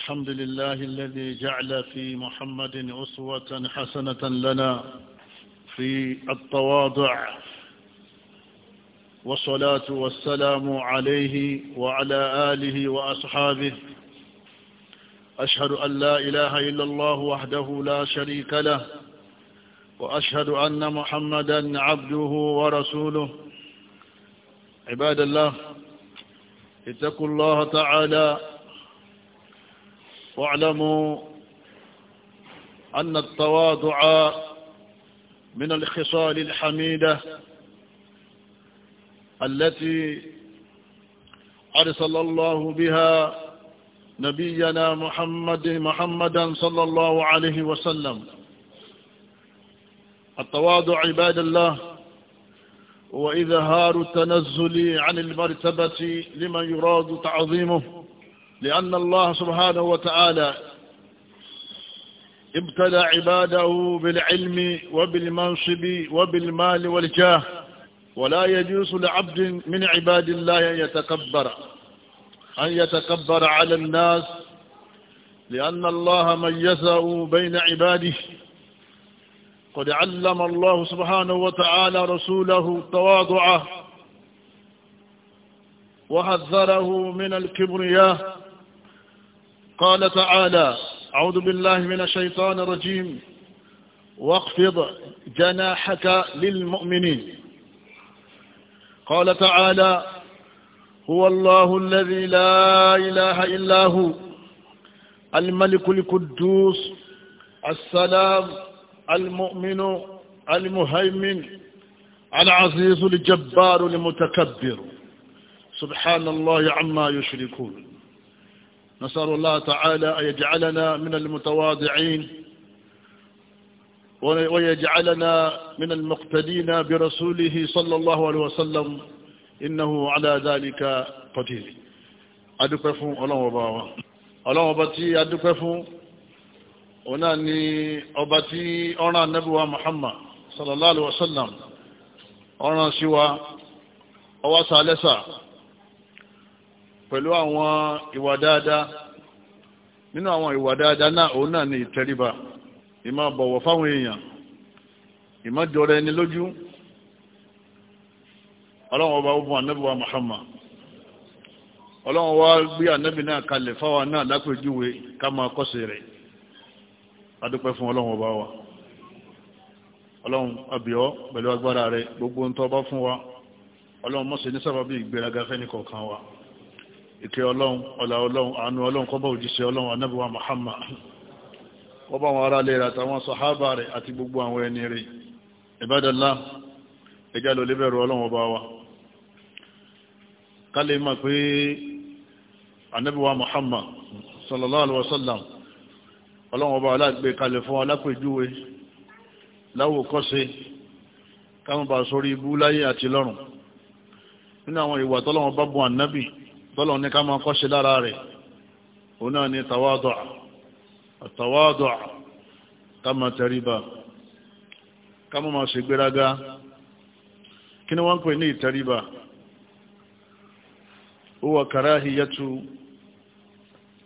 الحمد لله الذي جعل في محمد أسوة حسنة لنا في التواضع والصلاة والسلام عليه وعلى آله وأصحابه أشهد أن لا إله إلا الله وحده لا شريك له وأشهد أن محمدا عبده ورسوله عباد الله اتقوا الله تعالى واعلموا أن التواضع من الخصال الحميدة التي أرسل الله بها نبينا محمد محمدا صلى الله عليه وسلم التواضع عباد الله وإظهار التنزل عن المرتبة لمن يراد تعظيمه لأن الله سبحانه وتعالى ابتلى عباده بالعلم وبالمنصب وبالمال والجاه ولا يجوز لعبد من عباد الله أن يتكبر أن يتكبر على الناس لأن الله ميزه بين عباده قد علم الله سبحانه وتعالى رسوله التواضع وحذره من الكبرياء قال تعالى أعوذ بالله من الشيطان الرجيم واخفض جناحك للمؤمنين قال تعالى هو الله الذي لا إله إلا هو الملك القدوس السلام المؤمن المهيمن العزيز الجبار المتكبر سبحان الله عما يشركون نسأل الله تعالى أن يجعلنا من المتواضعين ويجعلنا من المقتدين برسوله صلى الله عليه وسلم إنه على ذلك قدير adúpẹ́fún ọlọ́run ọba wa ọlọ́run ọba tí adúpẹ́fún ọ̀nà ni ọba tí ọ̀ràn anábíwá Muhammad sallallahu alaihi wasallam ọ̀ràn síwá ọwá sàálẹ́sà pẹ̀lú àwọn ìwà dáadáa nínú àwọn ìwà dáadáa náà òun náà ni ìtẹríba ìmá bọ̀wọ̀ fáwọn èèyàn ìmá jọra ẹni lójú ọlọ́run ọba ogun ànábì wa Muhammad ọlọ́run wá gbé ànábì náà kalẹ̀ fáwa náà lápèjúwe ká máa kọ́sẹ̀ rẹ̀ adúpẹ́ fún ọlọ́run ọba wa ọlọ́run abíọ́ pẹ̀lú agbára rẹ̀ gbogbo ń tọ́ bá fún wa ọlọ́run mọ́sẹ̀ ní sábàbí ìgbéraga fẹ́ni kọ̀ọ̀kan wa ìkẹ́ ọlọ́run ọlá ọlọ́run àánú ọlọ́run kó bá òjíṣẹ́ ọlọ́run ànábì wa Muhammad kó bá wọn ará lè rà àtàwọn sàhábà rẹ̀ àti gbogbo àwọn ẹni rẹ̀ ìbádàlá ẹjá lọ lébẹ̀rù ọlọ́run ọba wa ká lè mọ̀ pé ànábì wa nínú àwọn ìwà tọ́lọ́run bá bùn ànábì tọ́lọ̀ ní ká máa kọ́ṣe lára rẹ̀ náà ni tàwádọ̀ àtàwádọ̀ ká máa tẹríba ká máa máa ṣe gbéraga kí ni wọ́n pè ní ìtẹríba huwa karahiyatu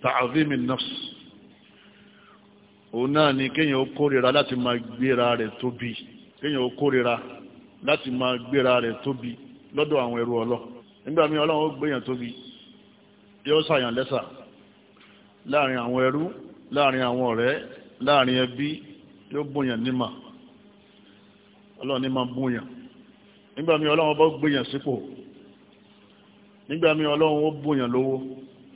ta'azimi nafs o náà ni kéèyàn ó kórira láti máa gbéra rẹ̀ tóbi kéèyàn ó kórira láti máa gbéra rẹ̀ tóbi lọ́dọ̀ àwọn ọlọ́ yóò ṣàyàn lẹ́sà láàrin àwọn ẹrú láàrin àwọn ọ̀rẹ́ láàrin ẹbí yóò bóyàn nímà ọlọ́run ní máa bóyàn nígbà míì ọlọ́run bá gbéyàn sípò nígbà míì ọlọ́run ó bóyàn lówó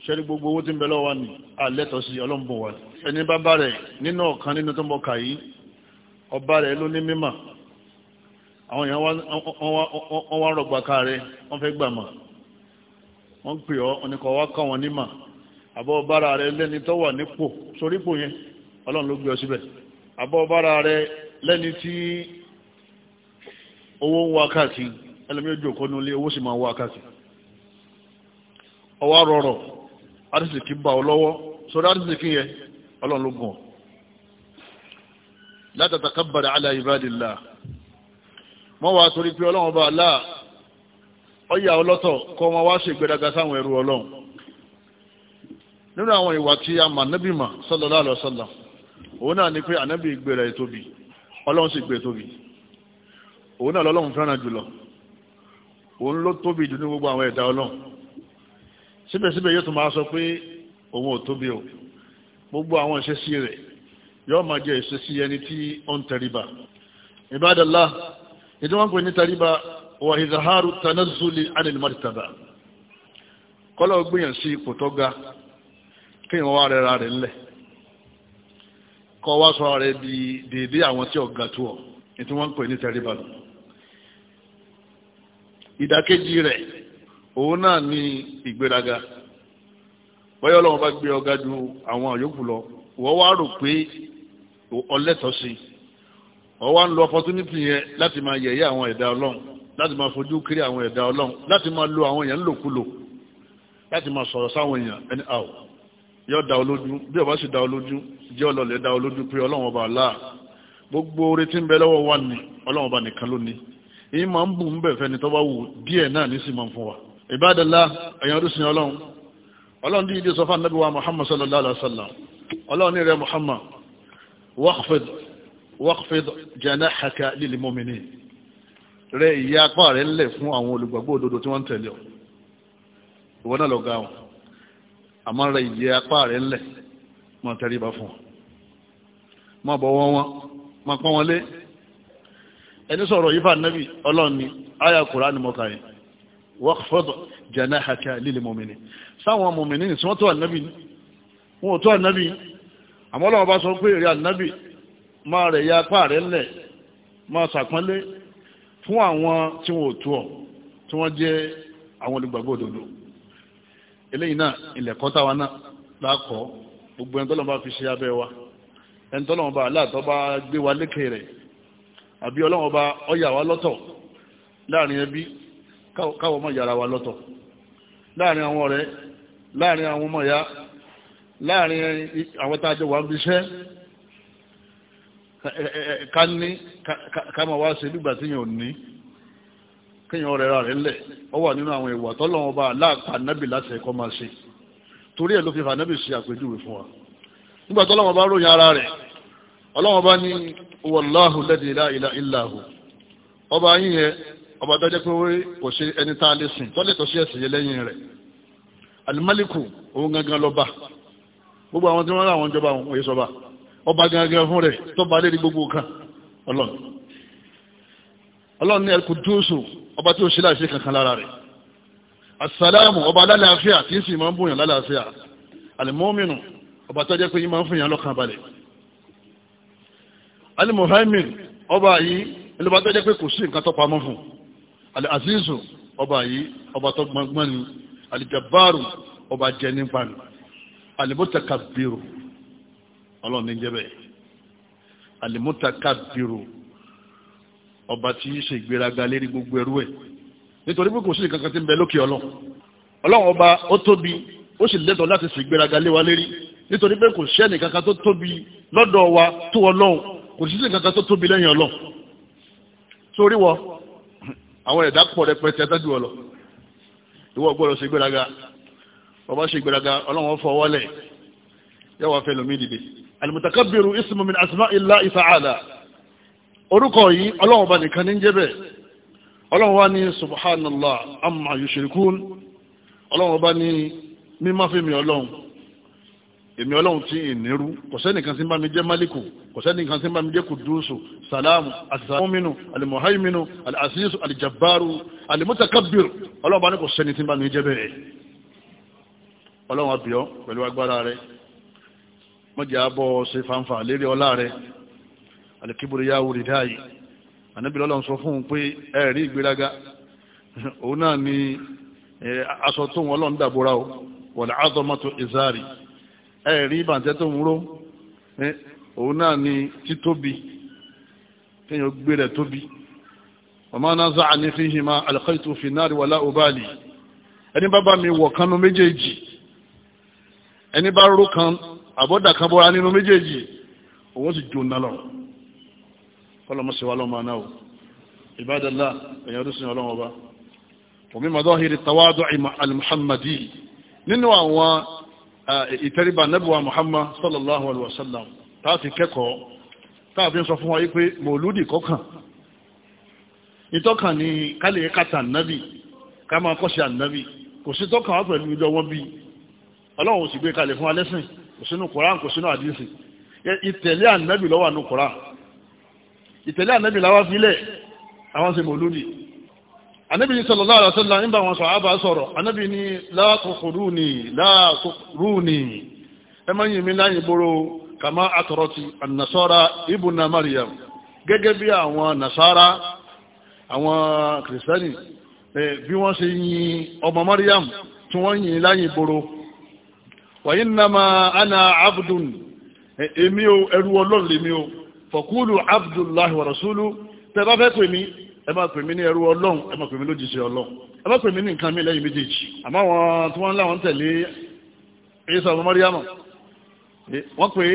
ṣẹ́rí gbogbo owó tí ń bẹ lọ́wọ́ wa ní àlẹ́tọ̀ sí ọlọ́run bò wá ẹni bá bá rẹ̀ nínú ọ̀kan nínú tó ń bọ̀ kà yìí ọba rẹ̀ ló ní mímà àwọn èèyàn wọ́n wá rọ̀gbàká rẹ̀ wọ́n fẹ́ gbàmà wọ́n pè ọ́ oníkọ̀ wá kọ́ wọn nímà àbọ̀ bára rẹ lẹ́ni tó wà nípò sorípò yẹn ọlọ́run ló gbé ọ síbẹ̀ àbọ̀ bára rẹ lẹ́ni tí owó ń wá káàkiri ẹlẹ́mí ojú òkú nílé owó sì máa wá káàkiri ọwọ́ rọrọ̀ arísìkí bá ọ lọ́wọ́ sórí arísìkí yẹn ọlọ́run ló gùn ọ́ látàtàkàbàrà aláìbádìlá mọ́wàá torí pé ọlọ́run bá aláà ọyà ọlọ́tọ̀ kọ́ ọmọ wá ṣe ìgbéraga sáwọn ẹrú ọlọ́run nínú àwọn ìwà tí a mà nábì mà sallallahu alaihi wasallam òun náà ni pé ànábì gbèrè tóbi ọlọ́run sì gbèrè e tóbi òun náà lọ́lọ́run fẹ́ràn jùlọ òun ló tóbi jù ní gbogbo àwọn ẹ̀dá ọlọ́run síbẹ̀síbẹ̀ yóò tún máa sọ pé òun ò tóbi o gbogbo àwọn ìṣesí rẹ̀ yóò máa jẹ́ ìṣesí ẹni tí ó ń tẹríba ìbádàlá ìdí wọ́n pè ní tẹríba wà ìzàhárù tanazuli anilmartaba kọ́lọ̀ gbìyàn sí ipò tó ga kí wọ́n wá rẹra rẹ̀ ńlẹ̀ kọ́ wá sọ rẹ̀ di dèédé àwọn tí ọ̀gá tó ọ̀ ètò wọ́n ń pè ní tẹ̀ríbalù ìdàkejì rẹ̀ òun náà ní ìgbéraga bọ́yọ́ lọ́wọ́ bá gbé ọ̀gá ju àwọn àyókù lọ wọ́n wá rò pé ọlẹ́tọ̀ọ́ sí ń lo opportunity yẹn láti máa yẹ̀yẹ́ àwọn ẹ̀dá ọlọ́run láti máa fojú kiri àwọn ẹ̀dá ọlọ́run láti máa lo àwọn èèyàn lòkulò láti máa sọ̀rọ̀ sáwọn èèyàn ẹni àwọ̀ yóò dá olójú bí ọba sì dá olójú jẹ́ ọlọ́lẹ̀ dá olójú pé ọlọ́run ọba aláà gbogbo oore tí ń bẹ lọ́wọ́ wa ni ọlọ́run ọba nìkan ló ní èyí máa ń bù ń bẹ̀ fẹ́ni tó bá wù díẹ̀ náà ní sì máa fún wa ìbádàlá ẹ̀yàn orísun ọlọ́run ọlọ́run ní ìdí sọfà nàbí wa muhammad sallallahu alaihi wa sallam ọlọ́run ní rẹ muhammad waqfid waqfid janahaka lil mu'minin rẹ ìyá apá rẹ ńlẹ̀ fún àwọn olùgbàgbọ́ òdodo tí wọ́n ń tẹ̀lé ọ ìwọ náà lọ́ọ́ wọn àmọ́ rẹ ìyá apá rẹ ńlẹ̀ máa tẹríba fún ọ máa bọ̀wọ̀ wọn wọn lé ẹni sọ̀rọ̀ yìí ni mo kà sáwọn mọ̀mìnì wọn ò àmọ́ bá sọ pé èrè máa rẹ̀ ya apá rẹ̀ ńlẹ̀ máa sàpọ́nlé fún àwọn tí wọ́n tó ọ̀ tí wọ́n jẹ́ àwọn olùgbàgbọ́ òdodo eléyìí náà ilẹ̀kọ́ táwa náà lákọ̀ gbogbo ẹni tọ́lọ́mọ fi ṣe abẹ́ wa ẹni tọ́lọ́mọ bá aláàtọ́ bá gbé wa lékè rẹ̀ àbí ọlọ́mọ bá ọyà wa lọ́tọ̀ láàrin ẹbí káwọ́ mọ̀ yàrá wa lọ́tọ̀ láàrin àwọn ọ̀rẹ́ láàrin àwọn ọmọ ìyá láàrin àwọn tá a jọ wà ń bíṣẹ́ ká ní ká máa wá ṣe nígbà tí yàn ní kíyàn rẹ̀ rà rẹ̀ lẹ̀ ọ wà nínú àwọn ìwà tọ́lọ́wọ́n bá aláàpá nábì láti ẹ̀kọ́ máa ṣe torí ẹ̀ ló fi fànábì ṣe àpèjúwe fún wa nígbà tọ́lọ́wọ́n bá ròyìn ara rẹ̀ ọlọ́wọ́n bá ní wallahu lladhi la ilaha illa hu ọba yín yẹn ọba tó jẹ́ pé kò ṣe ẹni tá a lè sìn tọ́lẹ̀ tó ṣe ẹ̀sìn yẹn lẹ́yìn rẹ̀ alimálíkù òun gangan lọ́ba gbogbo àwọn tí wọ́n rà àwọn ìjọba àwọn òye sọba ọba gangan fún rẹ̀ tó bá lé ní gbogbo kan ọlọ́run ọlọ́run ní ẹkùdúsù ọba tí ó ṣe láìsí kankan lára rẹ̀ asàlámù ọba lálàáfíà tí sì máa ń bùyàn lálàáfíà alimọ́mìnù ọba tó jẹ́ pé yín máa ń fún yàn lọ́kàn balẹ̀ alimuhaimin ọba yìí ẹlẹ́bà tó jẹ́ pé kò sí nǹkan tó pamọ́ fún aliazizu ọba yìí ọba tó gbọngbọ́n ni alijabaru ọba jẹ nípa ni alibutakabiru ọlọ́run ní jẹ́ bẹ́ẹ̀ alimutakabiru ọba tí í ṣe ìgbéraga lérí gbogbo ẹrú ẹ̀ nítorí pé kò sí nǹkan kan tí ń bẹ lókè ọlọ́run ọlọ́run ọba ó tóbi ó sì lẹ́tọ̀ọ́ láti ṣe ìgbéraga lé wa lérí nítorí pé kò sí ẹnìkan kan tó tóbi lọ́dọ̀ wa tó ọlọ́run kò sí ẹnìkan kan tó tóbi lẹ́yìn ọlọ́run sórí wọ àwọn ẹ̀dá pọ̀ rẹpẹtẹ tẹ́jú ọlọ ìwọ gbọ́dọ̀ ṣe ìgbéraga ọba ṣe ìgbéraga ọlọ́run fọwọ́lẹ̀ yẹ wàá fẹ́ lómi dìde alimutakabiru ismu min asma illa ta'ala orúkọ yìí ọlọ́run bá nìkan ní jẹ́ bẹ́ẹ̀ ọlọ́run wá ní subhanallah amma yushrikun ọlọ́run bá ní mímọ́ fún mi ọlọ́run èmi ọlọ́run tí ìnirú kò sẹ́nìkan sí bá mi jẹ́ málìkù kò sẹ́nìkan sí bá mi jẹ́ kùdúsù sàlámù àtìsàmúmínú alìmọ̀háìmínú alìsísù alìjàbáru alìmọ́tàkàbìr ọlọ́run bá ní kò sẹ́ni tí bá mi jẹ́ bẹ́ẹ̀ ọlọ́run pẹ̀lú agbára rẹ̀ mọ́jà bọ́ ṣe fanfa lérí ọlá rẹ̀ alìkíbùrú yá wùrì dáyì ànábì Ọlọ́run sọ fún un pé ẹ̀rí ìgbéraga òun náà ni aṣọ tó wọn lọ́n dàbòrà o wọ̀lẹ̀ azọmọ́tò ìzárì ẹ̀rí ìbànjẹ́ tó ń ró òun náà ni títóbi kéèyàn gbé rẹ̀ tóbi ọmọ náà záà ní fi hìmá alìkọ́ìtò fìnnárì wàlá òbáàlì ẹni bá bá mi wọ̀ kánú méjèèjì ẹni bá ró kan àbọ́dà kan bọ́ra nínú méjèèjì òun sì jóná lọ ọlọ́mọsíwá lọ́mọ aná o ìbádàlá ẹ̀yàn ọdún sin ọlọ́wọ́ bá omi mazahiri tawadu al-muhammadi nínú àwọn ìtẹríba nẹ́bùwa muhammad sallallahu alaihi wasallam ta fi kẹ́kọ̀ọ́ ta fi sọ fún wa wípé mòlúdì kọ́kàn ìtọ́kàn ni kálẹ̀ kàtà nàbì ká máa kọ́ṣe ànàbì kò sí tọ́kàn wá pẹ̀lú ìjọ wọn bí ọlọ́run sì gbé kalẹ̀ fún alẹ́sìn kò sínú koran kò sínú àdínsì ìtẹ̀lé ànábì ló wà nínú koran ìtẹ̀lé ànábì láwá fílẹ̀ àwọn ṣe mọ̀lúdì ànábì sallallahu alaihi wasallam nígbà wọn sàhábà sọ̀rọ̀ ní la tukhuruni la tukhuruni ẹ má yìn mí láyìn bóró kàmá àtọ̀rọ̀tì Maryam gẹ́gẹ́ bí àwọn nàṣàrà àwọn kìrìsìtẹ́nì bí wọ́n ṣe Maryam tí wọ́n yìn láyìn fàyínnàmà ana abdùn èmi o ẹrú ọlọ́run lèmi o fọ̀kúlù abdullahi wa rasulu tẹ bá fẹ́ pè mí ẹ bá pè mí ní ẹrú ọlọ́run ẹ má pè mí lójíṣẹ́ ọlọ́run ẹ má pè mí ní nǹkan mi lẹ́yìn méjèèjì àmọ́ wọn tí wọ́n ń láwọn tẹ̀lé Ìsá ọmọ Màríyámà wọ́n pè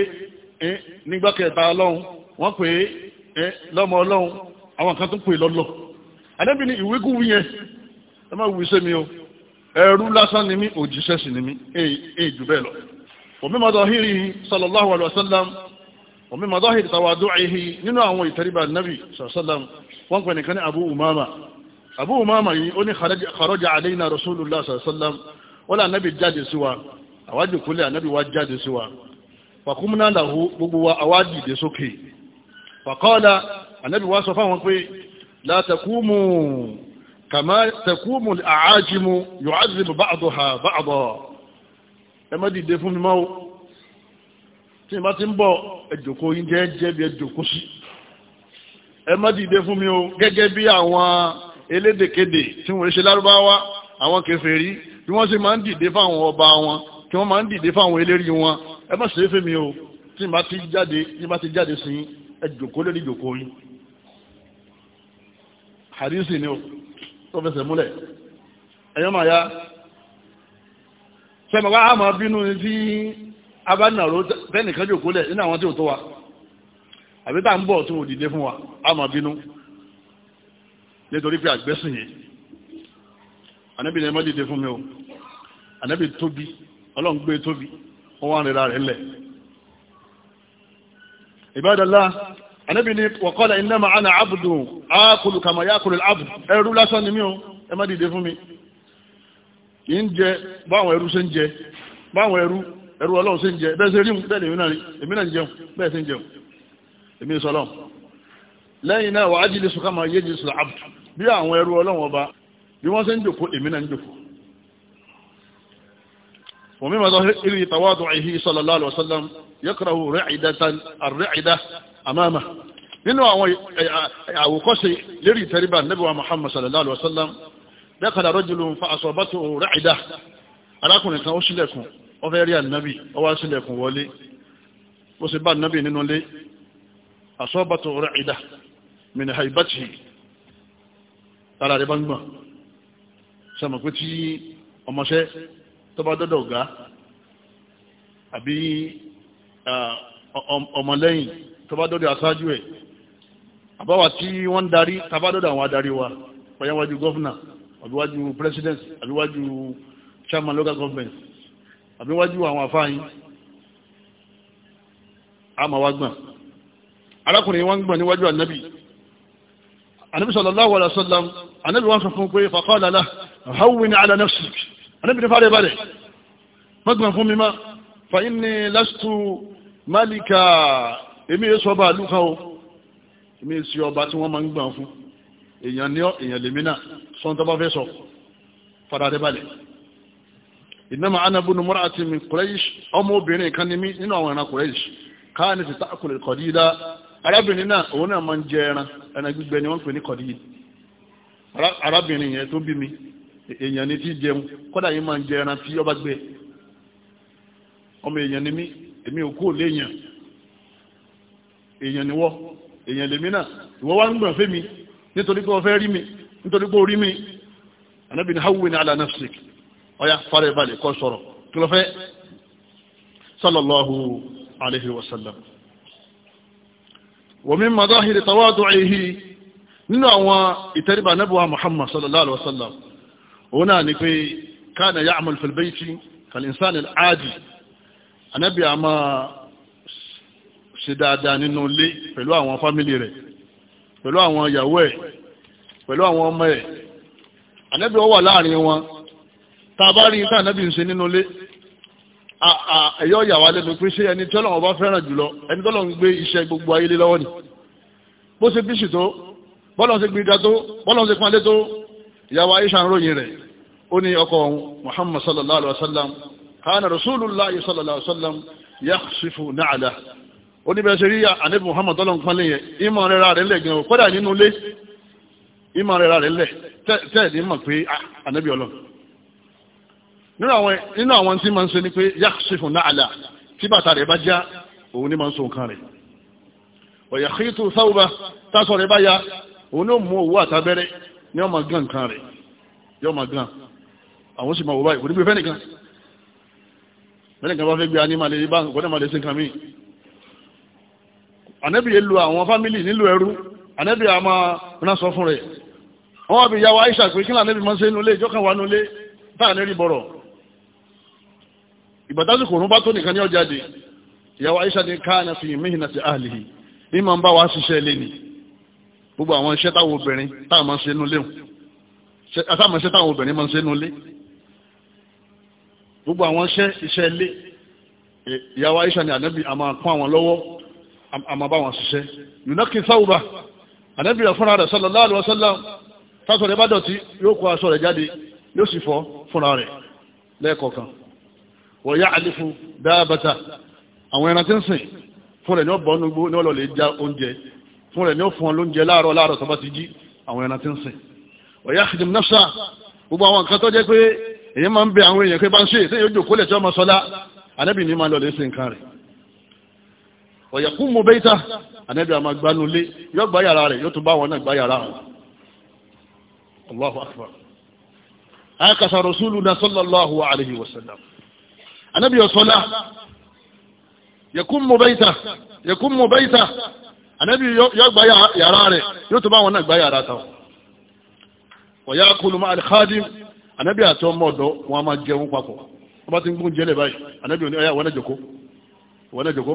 é nígbà kẹta ọlọ́run wọ́n pè é lọ́mọ ọlọ́run àwọn kan tó pè lọ́lọ́ ẹrú lásán ni mí òjíṣẹ́ sì ni mí èyí jù bẹ́ẹ̀ lọ omi madahiri sallallahu alaihi wasallam omi madahiri tawadu'ihi nínú àwọn ìtẹríba nabi sallam wọ́n pẹ̀ nìkan ní abu umama abu umama yìí ó ní kharaja alaina rasulullah sallam wọ́n lá nabi jáde sí wa àwájì kúlẹ̀ ànábi wá jáde sí wa fàkúmúná làwú gbogbo wa àwájì dé sókè fàkọ́ọ̀lá ànábi wá sọ fáwọn pé látàkúmù كما تقوم الأعاجم يعذب بعضها báàdọ̀ ha báàdọ̀ ẹ má dìde fún mi máa o tí ìbá ti ń bọ̀ ẹjòkó yín jẹ́ jẹ́bi ẹjòkó sí ẹ má dìde fún mi o gẹ́gẹ́ bí àwọn elédèkéde tí wọ́n ṣe lárúbáwá àwọn kèfèrí bí wọ́n sì máa ń dìde fáwọn ọba wọn tí wọ́n máa ń dìde fáwọn eléri wọn ẹ má ṣeé fèmí o tí ìbá ti jáde tí ìbá ti jáde sí ẹjòkó lórí ìjòkó yín hadisi ni o. tó fẹsẹ̀ múlẹ̀ ẹ̀yọ́ ya sẹ́mi wá àmọ́ bínú ní abánàró tẹ́nìkan jòkó lẹ̀ àwọn tí ò tó wa àbí tá fún wa bínú nítorí pé àgbẹ́sìn yìí ní fún mi o tóbi ọlọ́run gbé e tóbi wọ́n wá anábì ni wọ̀kọ́lá innama ana abdu ákùlù kama yakùlù abdu ẹrú lásán ni mí o ẹ má dìde fún mi kì ń jẹ báwọn ẹrú ṣe ń jẹ báwọn ẹrú ẹrú ọlọ́run ṣe ń jẹ bẹ́ẹ̀ ṣe rí bẹ́ẹ̀ èmi náà jẹun bẹ́ẹ̀ ṣe ń jẹun èmi sọlọ́run lẹ́yìn náà wà á jìlẹ̀ sùkà máa yé jìsù abdu bí àwọn ẹrú ọlọ́run ọba bí wọ́n ṣe ń jòkó èmi náà ń jòkó ومما ظهر إلي تواضعه صلى الله عليه وسلم يكره رعدة الرعدة àmàmà nínú àwọn àwòkọ́ṣe lérí ìtẹríba nẹ́bíwá Muhammad sallallahu alaihi wasallam dakhala rajulun fa asabatu ra'idah arákùnrin kan ó sílẹ̀kùn ó fẹ́ rí ànábì ó wá sílẹ̀kùn wọlé ó sì bá ànábì nínú lé asabatu ra'idah min haibatihi tara rẹ̀ bá ń gbọ̀n sọmọ̀ pé tí ọmọṣẹ́ tó bá dọ́dọ̀ ọ̀gá àbí ọmọlẹ́yìn tọba dọ́dọ̀ aṣáájú ẹ̀ àbáwà tí wọ́n ń darí tàbá dọ́dọ̀ àwọn adarí wa pẹ̀yàwájú gọ́fìnà àbíwájú president àbíwájú chairman local government àbíwájú àwọn àfáàyín àmàwágbọ̀n arákùnrin wọ́n gbọ̀n níwájú ànábì ànábì sallallahu alaihi wasallam ànábì wọ́n sọ fún pé faqala lahu hawwin ala nafsik ànábì ní fàárẹ̀ balẹ̀ mọ́gbọ̀n fún mi má èmi yé sọba o èmi ọba tí wọ́n máa ń gbà fún èèyàn ní èèyàn lèmi náà fara rẹ mi kùrẹ́yìṣ ọmọ kan ní mí nínú àwọn ẹran kùrẹ́yìṣ káàní ti tákùlẹ̀ kọ̀dídá arábìnrin náà òun náà máa ń jẹ ẹran ẹran gbígbẹ ni wọ́n pè ní arábìnrin yẹn tó bí mi èèyàn jẹun yìí máa ń jẹ ẹran tí ọba ọmọ ni èèyàn ni wọ́ èèyàn lèmi náà ìwọ́ wá ń gbọ̀n fẹ́ mi nítorí pé ọfẹ́ rí mi nítorí pé orí mi anábì ní hawwi ní ala ọya fara ìbalẹ̀ kọ́ sọ̀rọ̀ kí lọ fẹ́ sallallahu alaihi wasallam wa min madahiri tawadu'ihi nínú àwọn ìtẹ́ríbà nẹ́bùwà muhammad sallallahu alaihi wasallam òun náà ni pé kana ya'mal fil ṣe dáadáa nínú ilé pẹ̀lú àwọn fámílì rẹ̀ pẹ̀lú àwọn ìyàwó ẹ̀ pẹ̀lú àwọn ọmọ ẹ̀ ànẹ́bí ó wà láàrin wọn tá a bá rí tá ànẹ́bí ń ṣe nínú ilé ẹ̀yọ́ ìyàwó alẹ́nu pé ṣé ẹni tí Ọlọ́run bá fẹ́ràn jùlọ ẹni tí Ọlọ́run ń gbé iṣẹ́ gbogbo ayé lé lọ́wọ́ ni bó ṣe bíṣì tó bọ́lọ́n ṣe gbìyànjá tó bọ́lọ́n ṣe pọ́nlé tó ìyàwó Aisha ń rẹ̀ ó ní ọkọ Muhammad sallallahu alaihi wa sallam kana Rasulullah sallallahu alaihi wa sallam yakhsifu na'la oníbẹ̀ṣẹ̀ rí ànábì Muhammad tọ́lọ̀ nǹkan lẹ́yìn ìmọ̀ rẹ̀ra rẹ̀ lẹ̀ gan kọ́dà nínú ilé ìmọ̀ rẹ̀ra rẹ̀ lẹ̀ tẹ́ẹ̀dì mọ̀ pé ah, ànábì ọlọ́ nínú àwọn tí máa ń ṣe ni pé yaxifu náàlà tí bàtà rẹ̀ bá já òun ní máa ń so nǹkan rẹ̀ ọ̀yà xítù sáwùbá tásọ rẹ̀ bá ya òun ó mú owó àtàbẹ́rẹ́ ní ọmọ gan nǹkan rẹ̀ yọ ọmọ gan àwọn sì máa wọ báyìí kò ní gbé fẹ́ nìkan fẹ́ nìkan bá fẹ́ gbé anímọ̀ lè bá nǹkan ànábì yẹn lu àwọn fámìlì nílùú ẹrú ànábì àmà ránṣọ fún rẹ̀ wọ́n wá bí ìyàwó Aisha pé kí ní ànábì máa ń ṣe nulé ìjọ kan wà nulé táà ní rí bọ̀rọ̀ ìbàdásù kòrún bá tó nìkan ní ọjà dé ìyàwó Aisha ní káàna fi mihina ti ahlihi ní máa ń bá wa ṣiṣẹ́ lé ni gbogbo àwọn iṣẹ́ táwọn obìnrin táà máa ń ṣe nulé àtàwọn iṣẹ́ táwọn obìnrin máa ń ṣe nulé gbogbo àwọn iṣẹ́ iṣẹ́ ilé ìyàwó Aisha ní ànábì àmà àmọ́ bá wọn ṣiṣẹ́ yunaki sáwùbà ànábìyà fúnra rẹ̀ sallallahu alaihi wasallam tásọ̀ rẹ̀ bá dọ̀tí yóò kó aṣọ rẹ̀ jáde yóò sì fọ̀ fúnra rẹ̀ lẹ́ẹ̀kọ̀ọ̀kan wọ́n yá àlífù dáàbàtà àwọn ẹran tí ń sìn fún rẹ̀ ní ọ̀bọ̀ ọ̀nugbó ní ọlọ́lẹ̀ já oúnjẹ fún rẹ̀ ní ọ̀fún lóúnjẹ láàárọ̀ láàárọ̀ tó ọ̀yẹ̀kún mú bẹ́ẹ̀ta ànẹ́bí àmà gbanulé yóò gbá yàrá rẹ̀ yóò tún bá wọn náà gbá yàrá rẹ̀ allahu akbar akasa rasuluna sallallahu alayhi wa sallam ànẹ́bí ọ̀sọ́lá yẹ̀kún mú bẹ́ẹ̀ta yẹ̀kún mú bẹ́ẹ̀ta ànẹ́bí yóò gbá yàrá rẹ̀ yóò tún bá wọn náà gbá yàrá ta ọ̀yá kulu ma alkhadim ànẹ́bí àti ọmọ ọ̀dọ́ wọn a máa jẹun papọ̀ wọ́n bá ti ń gún jẹ́lẹ̀ báyìí ànẹ́bí ò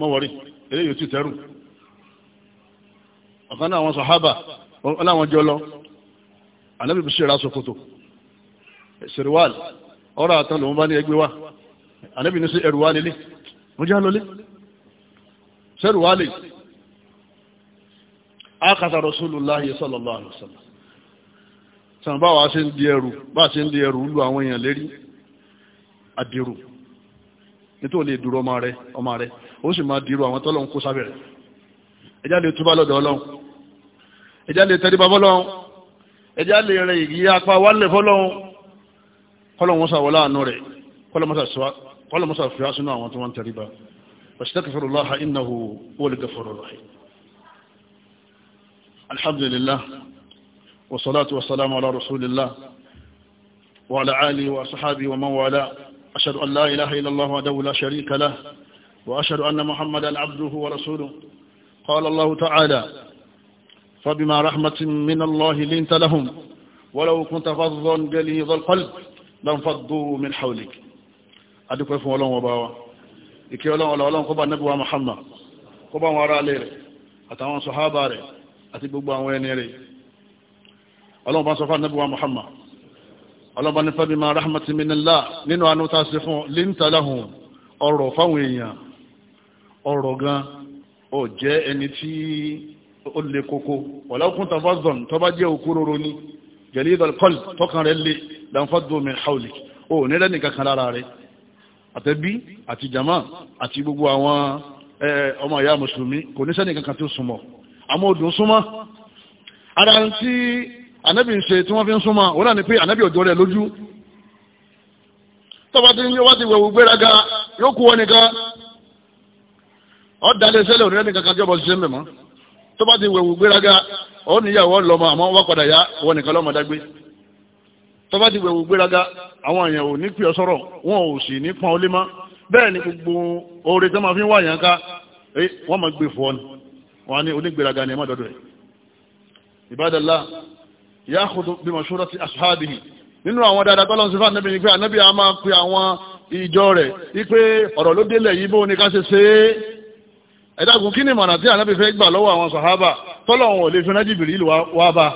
mọ́wọ́rí eléyìí ò tẹ́rù ọ̀kan náà àwọn sàhábà wọn jọ lọ ànábì bí ṣe ra ṣèrìwàl ọ̀rọ̀ àtàn lòun bá ní ẹgbẹ́ wa ànábì ní sí ẹrùwálé lé mo já lọlé ákàtà sallallahu alaihi wasallam sàn bá ń di ẹrù bá ṣe ń di ẹrù àwọn èèyàn lérí àdìrù nítorí ọmọ ó sì máa dirú àwọn tọ́lọ́hún kó sábẹ̀rẹ̀ ẹjá lè túbá lọ́dọ̀ ọlọ́hun ẹjá lè tẹríba fọ́lọ́hun ẹjá lè rẹ ìyí apá wálẹ̀ fọ́lọ́hun kọ́lọ́hún sàwọlá àánú rẹ̀ kọ́lọ́hún sàfihà sínú àwọn tí wọ́n ń tẹríba wastaghfirullaha innahu huwal ghafurur وأشهد أن محمدا عبده ورسوله قال الله تعالى فبما رحمة من الله لنت لهم ولو كنت فظا جليظ القلب لانفضوا من حولك أدوك فهم الله وباوا إكي الله ولا الله قبع نبوة محمد قبع وراء ليري أتوان صحابة ري أتبقوا وين ري الله بان صفاء نبوة محمد الله بان فبما رحمة من الله لنو أنو تاسفون لنت لهم أروا ọ̀rọ̀ gan ó jẹ́ ẹni tí ó le koko ọ̀làkùn tafazọ̀n tó bá jẹ́ òkúròrò ni jẹ̀lí ìdọ̀lkọ́lì tọkàn rẹ̀ le lanfaddu min hawlik ó nílẹ̀ nìkan kan lára rẹ̀ àtẹ̀bí àti jama àti gbogbo àwọn ọmọ ìyá mùsùlùmí kò ní sẹ́ni kankan tó súnmọ́ àmọ́ odò súnmọ́ ara tí ànábì ń ṣe tí wọ́n fi ń súnmọ́ òun náà ni pé ànábì òjò rẹ̀ lójú tọ́ba ti ń yọ wá ti wẹ̀wù gbéraga yóò kú wọn nìkan ọ̀dàlẹ̀ sẹ́lẹ̀ òní ẹnìkan kan tí ọmọ ṣiṣẹ́ mẹ́mọ́ tó bá ti wẹ̀wù gbéraga ó níyàwó lọ́mọ àmọ́ wá padà yá wọn nìkan lọ́mọ dágbé tó bá ti wẹ̀wù gbéraga àwọn èèyàn ò ní pè ọ sọ́rọ̀ wọn ò sì ní pọn olé mọ́ bẹ́ẹ̀ ni gbogbo oore tó máa fi ń wá yàn ká wọ́n máa gbé fún ọ ni wọ́n á ní onígbéraga ni ẹ má dọ́dọ̀ ẹ̀ ìbádàlá yáàkùdù bí mọ̀ṣúrọ̀ ti àṣáàbìhì nínú àwọn dáadáa tọ́lọ́n sí fáànẹ́bì ní pé ànẹ́bì a máa pe àwọn ìjọ rẹ̀ wípé ọ̀rọ̀ ló délẹ̀ yìí bó ní ká ṣe ṣe é ẹ̀dàgùn kí ni mọ̀nà tí ànábì fẹ́ gbà lọ́wọ́ àwọn sàhábà tọ́lọ̀wọ̀n ò lè fi náà jìbìrì ìlú wá bá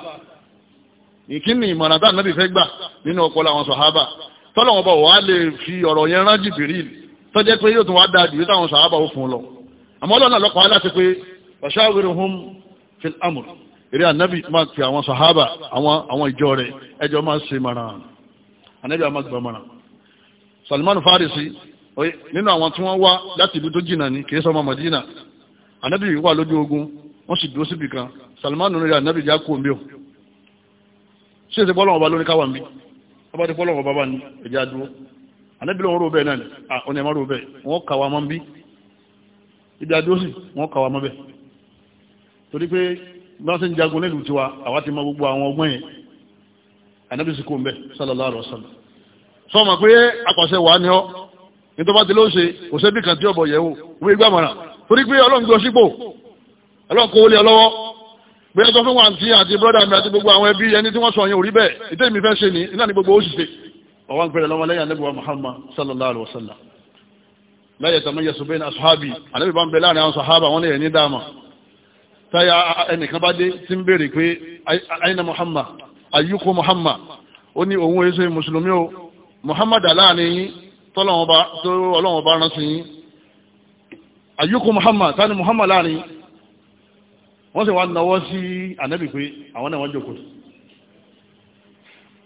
ìkí ni mọ̀nà tí ànábì fẹ́ gbà nínú ọpọlọ àwọn sàhábà tọ́lọ̀wọ̀n bọ̀ wá Salman Farisi nínú àwọn tí wọ́n wá láti ìlú tó jìnnà ní kìí sọmọ Madina ànábì wà lójú ogun wọ́n sì dúró síbì kan Salmanu rẹ̀ ànábì já kó mbíò ṣé èsì bọ́lọ̀ ọba lóní káwà mbí ọba ti bọ́lọ̀ ọba bá ní ẹja dúró ànábì lóun rò bẹ́ẹ̀ náà ni ọ̀nà ẹ̀mọ́ rò bẹ́ẹ̀ wọ́n kàwà mọ́ mbí ibi adúró sì wọ́n kàwà mọ́ bẹ́ẹ̀ torí pé bí wọ́n ṣe ń jagun nílùú tiwa àwa ti mọ gbogbo àwọn ọgbọ́n yẹn ànábì sì kó mbẹ́ sallallahu alaihi wasallam sọ ma pé akọ̀ṣẹ́ torí pé ọlọ́run gbé ọṣípò ọlọ́run kò wọlé ọlọ́wọ́ pé ẹ sọ fún wàǹtí àti brọ́dà mi àti gbogbo àwọn ẹbí ẹni tí wọ́n sọ yẹn ò rí bẹ́ẹ̀ ìtẹ́ mi fẹ́ ṣe ní gbogbo ó ṣe ọwọ́ ń pẹ̀lẹ̀ lọ́wọ́ lẹ́yìn Muhammad sallallahu alaihi wasallam sallam. tàmí yẹsùn bẹ́ẹ̀ ní asuhabi anábì bá ń bẹ láàrin àwọn sahaba àyíkú muhammad tani muhammad láàrin wọ́n sì wá náwọ́ sí ànábì pé àwọn náà wọ́n jókòó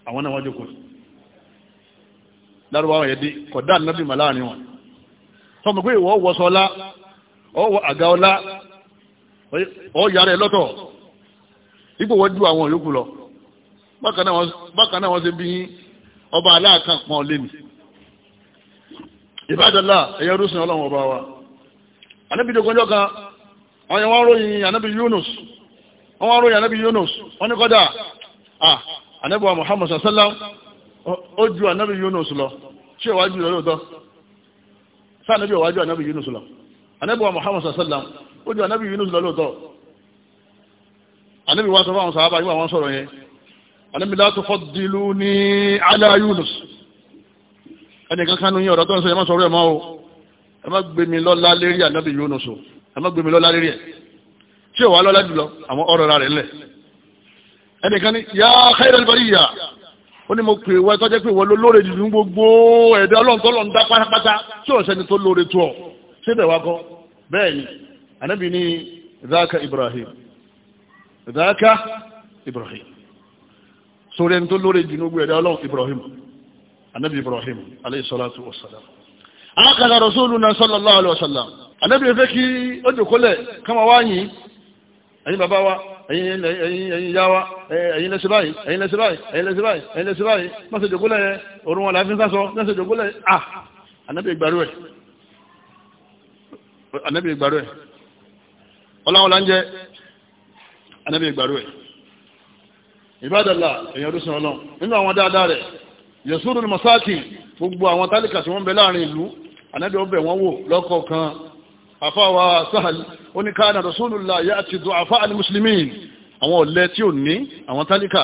àwọn náà wọ́n jókòó lárúbáwọ̀ yẹ̀dí kọ̀dá ànábì mà láàrin wọn tọ́mọ pé ìwọ́ wọ́sọ ọlá ọwọ́ àga ọlá ọ̀yà rẹ̀ lọ́tọ̀ ipò wọ́n ju àwọn yòókù lọ bákan náà wọ́n ṣe bí ọba aláàkàn pọ̀ lẹ́nu ìbádọ́lá ẹ̀yẹ́rúsìn ọlọ́run ọba wa anabi dogonjọ́ kan wọ́n yẹ wọ́n ròyìn anabi Yunus wọ́n wọ́n ròyìn anabi Yunus wọ́n ní kọ́dà ah anabi wa Muhammad sallam ó ju anabi Yunus lọ ṣé ìwájú rẹ̀ lóòótọ́ sáà anabi ìwájú anabi Yunus lọ anabi wa Muhammad sallam ó ju anabi Yunus lọ lóòótọ́ anabi wa sọ fún àwọn sàábà yíwá wọn sọ̀rọ̀ yẹn anabi la tufaddiluni ala Yunus ẹnì kankan ní ọ̀rọ̀ tó ń sọ yẹn má sọ̀rọ̀ ẹ̀ máa ẹ má gbé mi lọ́lá lérí ànábì Yunus ẹ má gbé mi lọ́lá lérí ẹ̀ tí ò wá lọ́lá jùlọ àwọn ọ̀rọ̀ rẹ̀ lẹ̀ ẹnìkan ni yá khairal bariyya ó ní mo pè wá tọ́jẹ́ pé wọ́n lóore jù gbogbo ẹ̀dá ọlọ́ntọ́lọ́ ń dá pátápátá tí ò sẹ́ni tó lóore tó ọ̀ síbẹ̀ wá kọ́ bẹ́ẹ̀ ni ànábì ní dhaka Ibrahim dhaka Ibrahim sórí ẹni tó lóore jù gbogbo ẹ̀dá ọlọ́run Ibrahim ànábì Ibrahim alayhi salatu wassalam akada rasuluna sallallahu alaihi wasallam anabi fẹ́ kí ó jòkólẹ̀ kama wá yìí ẹ̀yin bàbá wa ẹ̀yin yá wa ẹ̀yin lẹ́sẹ̀ báyìí ẹ̀yin lẹ́sẹ̀ báyìí ẹ̀yin lẹ́sẹ̀ báyìí ẹ̀yin lẹ́sẹ̀ báyìí mọ́sẹ̀ jòkólẹ̀ orun wọn ah! láàfin yẹ̀sùrù ní masáàkì gbogbo àwọn tálíkà tí wọ́n bẹ láàrin ìlú anábì ọbẹ̀ wọ́n wò lọ́kọ̀ọ̀kan afáwa sahal oníkàánà rasulullah ya'ti du'afa al-muslimin àwọn ọ̀lẹ tí ò ní àwọn tálíkà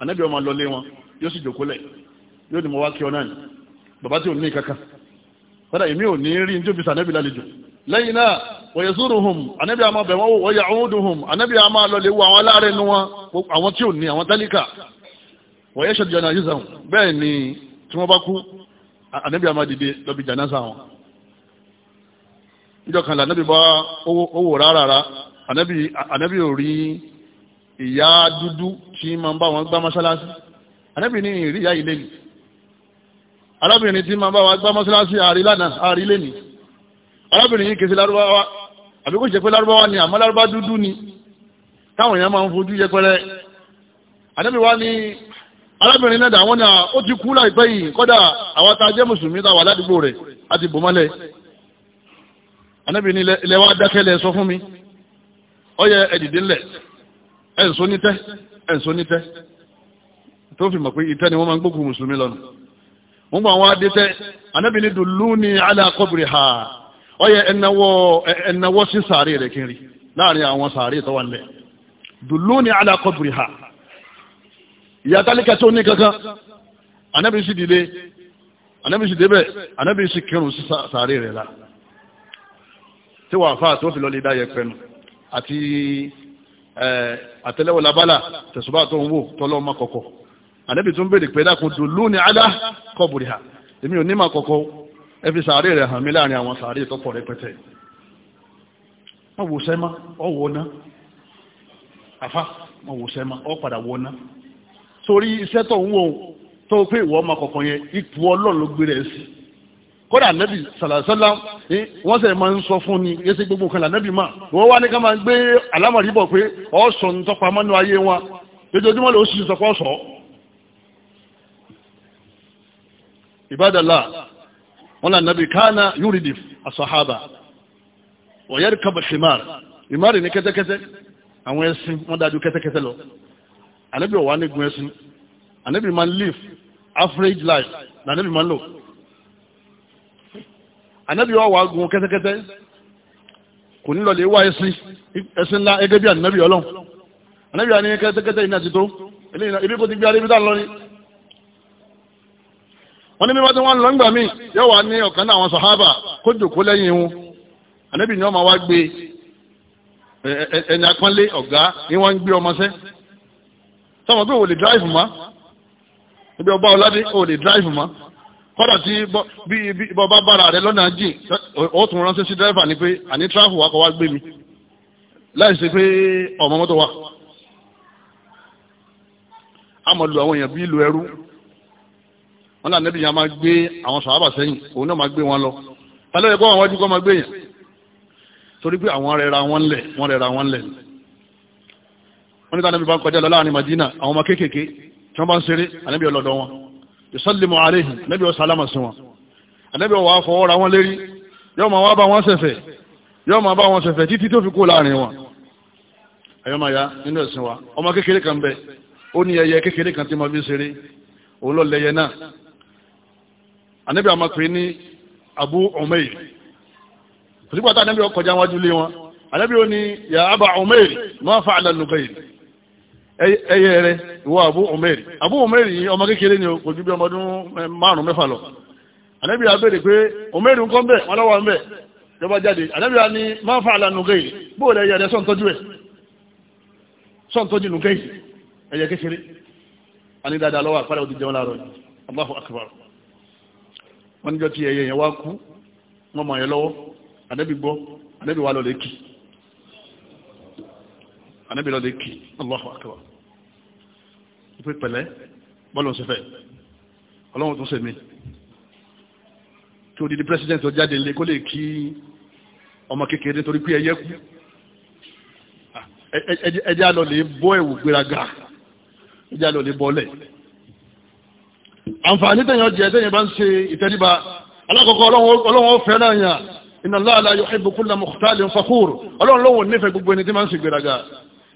anábì ọmọ lọlé wọn yóò sì jòkólẹ̀ yóò ní mo wá kí ọ náà ni bàbá tí ò ní kankan wọ́n yẹ́ ṣe janaza wọn bẹ́ẹ̀ ni tí wọ́n bá kú ànábì àmà dìde lọ́bi janaza wọn ìjọ kan lànàbì bá owó rárá ànábì ò rí ìyá dúdú tí ma ń bá wọn gbá mọ́ṣáláṣí ànábì ní ìrí ìyá ilé ni arábìnrin tí ma ń bá wọn gbá mọ́ṣáláṣí àrí lánàá àrí ilé ni arábìnrin yìí kèsì lárúbáwá àbí kò ṣe pé lárúbáwá ni àmọ́ lárúbá dúdú ni táwọn èèyàn máa ń fojú yẹpẹrẹ ànábì wá arábìnrin náà àwọn ó ti kú láìpẹ́ yìí kọ́dà àwọn jẹ́ musulmi wà ládùúgbò rẹ̀ anábìnrin ilẹ̀ wa dákẹ́lẹ̀ sọ fún mi yẹ fi mọ̀ pé ni wọ́n máa ń gbógun musulmi lọ́nà wọ́n gbọ́ àwọn adẹ́tẹ́ anábìnrin dùlú ni alákọ̀bìrì ha yẹ ha ìyá tálíkà tó ní kankan anábì sì dìde anábì sì débẹ̀ anábì sì kírun sí sàárè rẹ̀ la tí wàá fà tó fi lọ lè dá yẹpẹ nu àti àtẹlẹwọ labala tẹsùbà tó ń wò tọlọ ọmọ kọkọ anábì tó ń bèrè pé dákun dùn lónìí alá kọbùrì ha èmi ò ní mà kọkọ ẹ fi sàárè rẹ̀ hàn mí láàrin àwọn sàárè tó rẹpẹtẹ wọ́n wò sẹ́mọ́ ọ wọ́ná àfa wọ́n ọ padà wọ́ná torí iṣẹ́ tó ń wò ó tó pé ìwọ ọmọ kọ̀ọ̀kan yẹn ipò ọlọ́run ló gbé rẹ̀ sí kódà nẹ́bì sàlàsálà eh, wọ́n sẹ̀ ni yẹ́sẹ̀ gbogbo kan lànẹ́bì ma wọ́n wá ní ká máa gbé alámọ̀rí bọ̀ pé ọ̀sọ̀ ń tọ́pa mọ́nú ayé wọn lójoojúmọ́ lè sì sọpọ̀ sọ ìbádàlá wọn là nẹ́bì káàna yúrìdì àsọ̀hábà wọ̀yẹ́rì kábà ṣìmáàrì ní kẹ́tẹ́kẹ́tẹ́ ànábì ọ̀wá nígun ẹṣin ànábì man ń live average life ní ànábì máa ń lò ànábì ọ̀wá gun kẹ́tẹ́kẹ́tẹ́ kò ní lọlẹ̀ wá ẹṣin ẹṣin ńlá gẹ́gẹ́ bí ànábì ọlọ́run ànábì wa ní kẹ́tẹ́kẹ́tẹ́ iná ti tó ibi kò ti gbé arébi tá lọ ni wọ́n ní bí wọ́n ti wọ́n lọ ńgbà míì yóò wá ní ọ̀kan náà àwọn sàhábà kó jòkó lẹ́yìn wọn ànábì ni wọ́n máa wá gbé ẹni akọ́lé ọ̀gá ni wọ́n ń gbé ọmọ sẹ́ sọmọ pé o lè drive ma ibi ọba ọládé o lè drive ma kọ́dà tí bí ọba bára rẹ lọ́nà jìn ó tún ránṣẹ́ sí driver ni pé àní travel wa kọ́ wá gbé mi láì ṣe pé ọmọ mọ́tò wa a mọ̀ lu àwọn èèyàn bí lu ẹrú wọn là nẹ́bí yẹn máa gbé àwọn sàábà sẹ́yìn òun náà máa gbé wọn lọ tàlẹ́ ẹ̀kọ́ àwọn wájú kọ́ máa gbé yẹn torí pé àwọn rẹ̀ ra wọn lẹ̀ wọ́n rẹ̀ ra wọn lẹ̀ wọ́n ní ká anábì bá ń kọjá lọ láàrin Madina àwọn ọmọ kéékèèké tí wọ́n bá ń ṣeré anábì ọlọ́dọ̀ wọn ìsọ́lẹ̀mọ̀ àlẹ́hìn anábì ọ sálámà sí wọn anábì ọwọ́ afọwọ́ra wọn lérí yóò máa wá bá wọn ṣẹ̀fẹ̀ yóò máa bá wọn ṣẹ̀fẹ̀ títí tó fi kú láàrin wọn ẹ̀yọ́mọ̀ ya nínú ẹ̀sìn wa ọmọ kékeré kan bẹ ó ní ẹyẹ kékeré kan tí ma fi ṣeré òun lọ lẹyẹ náà anábì àmà pé ní abu umair òsìgbà tá anábì ọkọjá wájú lé wọn anábì ó ní ya aba umair ma fa'ala nubayr ẹyẹ rẹ ìwọ Abu omeri Abu omeri yìí ọmọ kékeré ni kò ju bí ọmọ ọdún márùn mẹ́fà lọ ànábì ya pé Umair ń kọ́ ń bẹ̀ wọn lọ́wọ́ ń jọba jáde wa ni máa fà lánà nùgẹ́ yìí lẹ ẹyẹ rẹ sọ́ǹtọ́jú ẹ̀ sọ́ǹtọ́jú ẹyẹ kékeré lọ́wọ́ jẹun yìí wọn níjọ ẹyẹ yẹn wá kú wọn wa lọ lè kì ànábì lọ́dẹ kì Allahu akbar ìpè pẹ̀lẹ́ bọ́ọ̀lù ọ̀sẹ̀ fẹ́ ọlọ́run tó ṣe mí tí ó di di president tó jáde lé kó lè kí ọmọ kékeré torí pé ẹyẹ kú ah, ẹjẹ alọ lè bọ́ ẹ̀wù gbéraga ẹjẹ alọ lè bọ́ọ̀lẹ̀ àǹfààní tẹ̀yàn jẹ́ tẹ̀yàn bá ń ṣe ìtẹ́ríba alákọ̀ọ́kọ́ ọlọ́run fẹ́ràn yàn inna Allaha la yuhibbu kulla mukhtalin fakhur ọlọ́run lọ́wọ́ nífẹ̀ẹ́ gbogbo ẹni tí máa ń ṣe gbéraga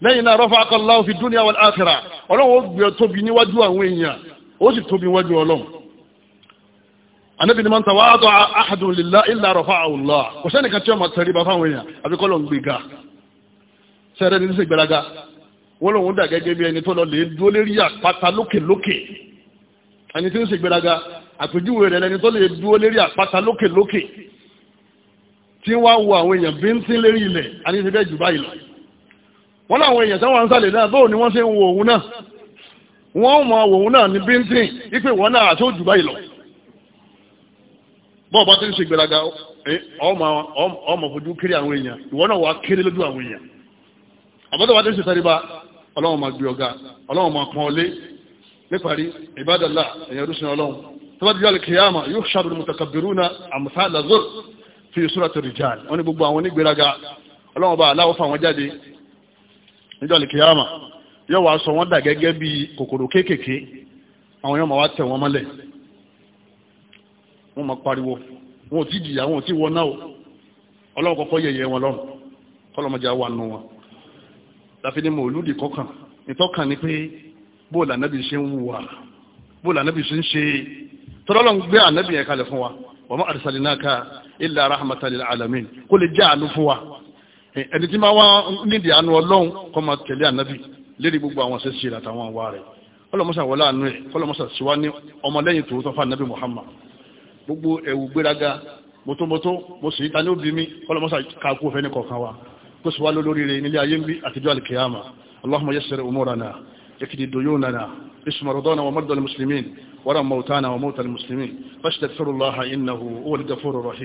lẹ́yìn náà rọ́fà akọ́láwọ́ fi dúnìá wal ákírà ọlọ́run ó gbé tóbi níwájú àwọn èèyàn ó sì tóbi níwájú ọlọ́run anábì ni máa ń tàwá àtọ́ ahadun lillah illa rafa'ahu Allah kò sẹ́ni kan tí wọ́n máa tẹ̀rí bá fáwọn èèyàn àbí kọ́ lọ́n gbéga sẹ́rẹ́ ní sí gbéraga wọ́n lòun dà gẹ́gẹ́ bí ẹni tó lọ lè dúó lérí àpáta lókè lókè ẹni tí ń sì gbéraga àpèjúwe rẹ̀ lẹni tó lè dúó lérí àpáta lókè lókè tí wọ́n wo àwọn èèyàn bí ń tín lérí ilẹ̀ àníṣe bẹ́ẹ̀ jù báyìí lọ wọ́n láwọn èèyàn sáwọn sálẹ̀ náà bóò ni wọ́n ṣe ń wo òun náà wọ́n mọ òun náà ní bíntín wípé wọ́n náà àti òjù báyìí lọ bọ́ọ̀ bá ti ń ṣe ìgbéraga ọmọ fojú kiri àwọn èèyàn ìwọ náà wà kéré lójú àwọn èèyàn àbọ́dọ̀ bá ti ń ṣe sáríba ọlọ́run máa gbé ọ̀gá ọlọ́run máa pọ́n ọlé níparí ìbádàlá èèyàn rúṣin ọlọ́run tó bá ti yá kìyàmà yóò ṣàbùrù mutakabiruna àmùsá lazur fi súrà tó rìjà wọn ni gbogbo àwọn onígbéraga ọlọ́run bá aláwọ̀ fáwọn jáde níjọ́ lè kíyàmà yóò wá sọ wọ́n dà gẹ́gẹ́ bí kòkòrò kéékèèké àwọn yóò máa wá tẹ̀ wọ́n mọ́lẹ̀ wọ́n máa pariwo wọn ò tí jìyà wọn ò tí wọ́n náà ọlọ́run kọ́kọ́ yẹ̀yẹ̀ wọn lọ́rùn kọ́lọ́mọdé wà nù wọn láfi ní mòlúdì kọ́kàn ìtọ́kàn ni pé bóòlù ànábì ṣe ń wùwà bóòlù ànábì ṣe ń ṣe tọ́lọ́lọ́ gbé ànábì yẹn kalẹ̀ fún wa wa ma arsalinaka illa rahmatan lil alamin kó lè jẹ́ àánú fún wa ẹni tí máa wá nídìí àánú ọlọ́run kọ́ máa tẹ̀lé ànábì lérí gbogbo àwọn ṣe ṣe àtàwọn àwa rẹ̀ kọ́lọ́mọ́sà wọlé àánú ẹ̀ kọ́lọ́mọ́sà síwá ní ọmọlẹ́yìn tòótọ́ fún ànábì Muhammad gbogbo ẹ̀wù gbéraga mọ́tòmọ́tò mo sì ta ní òbí mi kọ́lọ́mọ́sà káàkú òfẹ́ ní kọ̀ọ̀kan wa kó sì wá lórí rẹ̀ nílé ayé bí àtijọ́ alìkìyàmà Allahumma المسلمين ورم موتانا وموتى المسلمين فاستغفر الله إنه هو الرحيم